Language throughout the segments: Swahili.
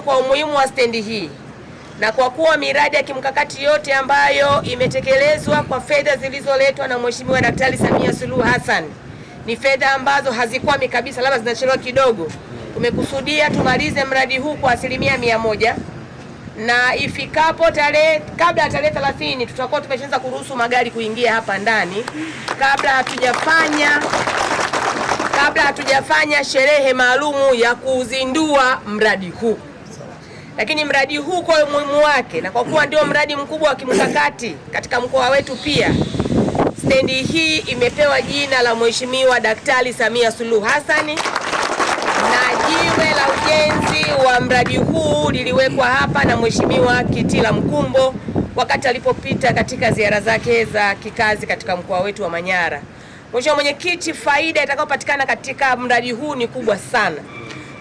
Kwa umuhimu wa stendi hii na kwa kuwa miradi ya kimkakati yote ambayo imetekelezwa kwa fedha zilizoletwa na Mheshimiwa Daktari Samia Suluhu Hassan ni fedha ambazo hazikwami kabisa, labda zinachelewa kidogo. Tumekusudia tumalize mradi huu kwa asilimia mia moja na ifikapo tarehe kabla ya tarehe 30 tutakuwa tumeshaanza kuruhusu magari kuingia hapa ndani kabla hatujafanya kabla hatujafanya sherehe maalumu ya kuzindua mradi huu. Lakini mradi huu kwa umuhimu wake na kwa kuwa ndio mradi mkubwa wa kimkakati katika mkoa wetu, pia stendi hii imepewa jina la Mheshimiwa Daktari Samia Suluhu Hassani, na jiwe la ujenzi wa mradi huu liliwekwa hapa na Mheshimiwa Kitila Mkumbo wakati alipopita katika ziara zake za kikazi katika mkoa wetu wa Manyara. Mheshimiwa Mwenyekiti, faida itakayopatikana katika mradi huu ni kubwa sana.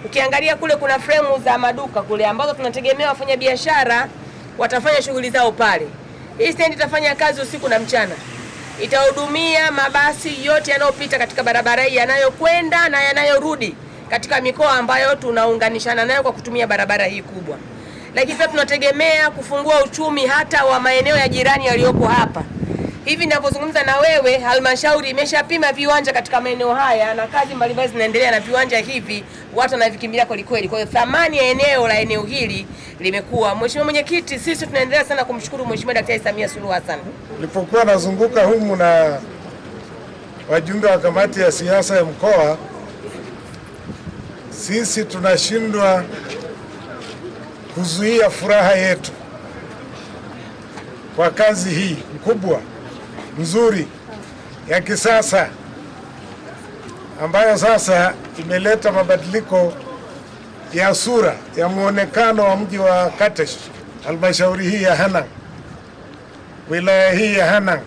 Ukiangalia kule kuna fremu za maduka kule ambazo tunategemea wafanya biashara watafanya shughuli zao pale. Hii stendi itafanya kazi usiku na mchana, itahudumia mabasi yote yanayopita katika barabara hii yanayokwenda na yanayorudi katika mikoa ambayo tunaunganishana nayo kwa kutumia barabara hii kubwa. Lakini pia tunategemea kufungua uchumi hata wa maeneo ya jirani yaliyopo hapa. Hivi ninavyozungumza na wewe, halmashauri imeshapima viwanja katika maeneo haya na kazi mbalimbali zinaendelea na viwanja hivi watu wanavikimbilia kwelikweli kweli. Kwa hiyo thamani ya eneo la eneo hili limekuwa. Mheshimiwa Mwenyekiti, sisi tunaendelea sana kumshukuru Mheshimiwa Daktari Samia Suluhu Hassan. Nilipokuwa nazunguka humu na wajumbe wa kamati ya siasa ya mkoa, sisi tunashindwa kuzuia furaha yetu kwa kazi hii kubwa nzuri ya kisasa ambayo sasa imeleta mabadiliko ya sura ya mwonekano wa mji wa Katesh, halmashauri hii ya Hanang, wilaya hii ya Hanang.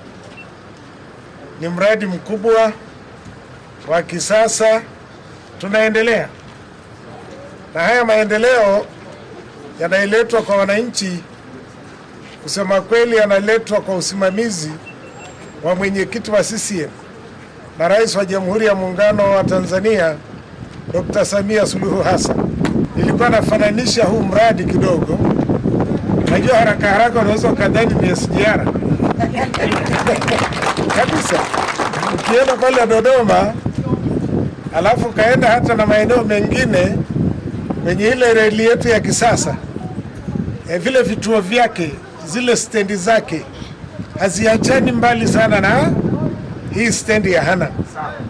Ni mradi mkubwa wa kisasa, tunaendelea na haya maendeleo yanayoletwa kwa wananchi. Kusema kweli, yanaletwa kwa usimamizi wa mwenyekiti wa CCM na rais wa Jamhuri ya Muungano wa Tanzania Dr. Samia Suluhu Hassan. Nilikuwa nafananisha huu mradi kidogo, najua haraka haraka unaweza ukadhani ni SGR kabisa. Ukienda pale Dodoma alafu ukaenda hata na maeneo mengine kwenye ile reli yetu ya kisasa, e, vile vituo vyake, zile stendi zake haziachani mbali sana na hii stendi ya Hanang'.